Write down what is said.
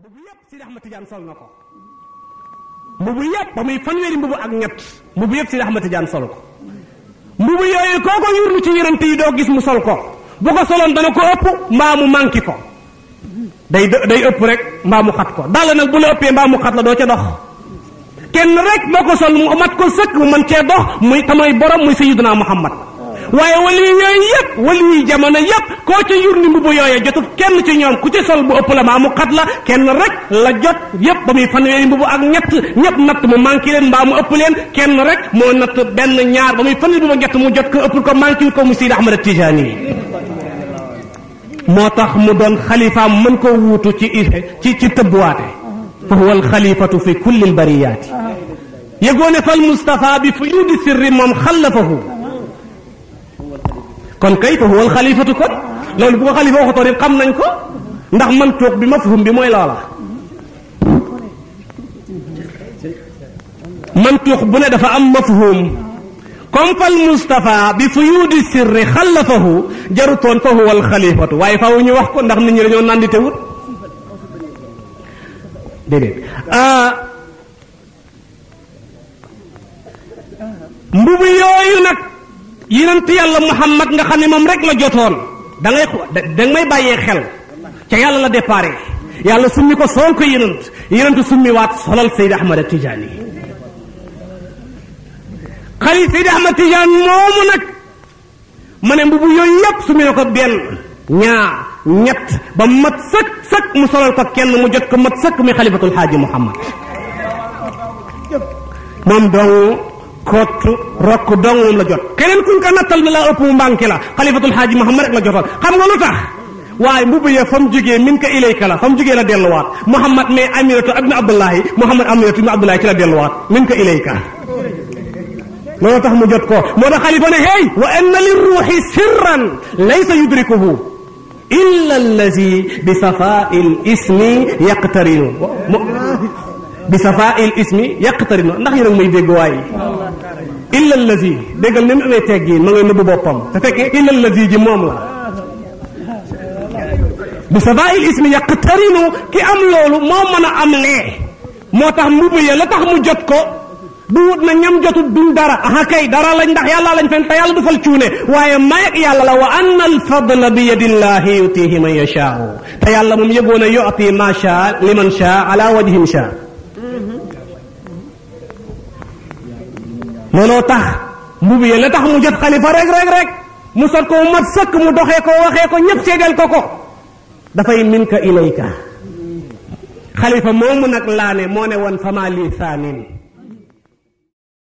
mbubu yépp si Ahmad Tidiane sol na ko mbubu yépp ba muy fanweeri mbubu ak ñett mbubu yépp Sidi Ahmad Tidiane sol ko mbubu yooyu koo ko yurlu ci yërante yi doo gis mu sol ko bu ko soloon dana ko ëpp mbaa mu manki ko day day ëpp rek mbaa mu xat ko dàll nag bu la ëppee mbaa mu xat la doo ca dox kenn rek moo ko sol mu mat ko sëkk mu mën cee dox muy tamay borom muy sayiduna muhammad waaye wali yooyu yëpp wali jamono yëpp koo ci yurni mbubu yooye jotul kenn ci ñoom ku ci sol bu ëpp la maa mu xat la kenn rek la jot yëpp ba muy fanweeri mbubu ak ñett ñëpp natt mu manqué leen mbaa mu ëpp leen kenn rek moo natt benn ñaar ba muy fan bu ma ñett mu jot ko ëpp ko manqué ko mu Sidi Ahmad Tijani moo tax mu doon xalifaam mën ko wuutu ci ci ci tëbbuwaate fa huwa alxalifatu fi kulli albariyaati yëgoone fa almustafa bi fuyuudi sirri moom xallafahu kon kay fa huwa khalifatu kon lolou bu ko xalifa waxatoo rek xam nañ ko ndax man tok bi mafhum bi moy lola man tok bu ne dafa am mafhum comme fal mustafa bi fuyudi sirri xallafahu jarutoon fa huwa khalifatu way fa wuñu wax ko ndax nit ñi dañu nandite wut déedéet ah. mbubu yooyu nak yonent yalla muhammad nga xamni mom rek la jotoon da ngay da ngay baye xel ca yalla la déparé yalla summi ko sol ko yonent yonent summi wat solal sayyid ahmad tijani khali sayyid ahmad tijani mom nak mané mbubu yoy yépp summi ko ben nya ñet ba mat sak sak mu solal ko kenn mu jot ko mat sak mi khalifatul haji muhammad mom dong kott rokk dong la jot keneen kuñ ko nattal ne la ëpp mu mbànke la xalifatul xaaji muhammad rek la jotal xam nga lu tax waaye mbubb ya fam jógee min ka ilayka la fam jógee la delluwaat muhammad mais amiratu ibnu abdullahi muhammad amiratu ibnu abdullahi ci la delluwaat min ka ilayka loolu tax mu jot ko moo tax xalifa ne hey wa anna lirruuxi sirran laysa yudrikuhu illa allazi bi safaa al ismi yaqtarinu bi safa'il ismi yaqtarinu ndax yéen may deg way illa allazi degal nim amé teggi ma ngay neub bopam te illa allazi ji mom la bi safa'il ismi yaqtarinu ki am lolu mo meuna am le motax tax mbubb ya la tax mu jot ko du na ñam jotut du dara aha kay dara lañ ndax yalla lañ fen ta yalla du fal ciune waye may ak yalla la wa anna al fadla bi yadillahi yutihi man yasha ta yalla mum yegona yu ati ma sha liman sha ala wajhin sha looloo tax mbubu ya la tax mu jot xalifa rek rek rek mu sot ko mat sëkk mu doxee ko waxee ko ñëpp seedeel ko ko dafa min ka ilayka xalifa moomu nag laa moo ne woon fama lii saanin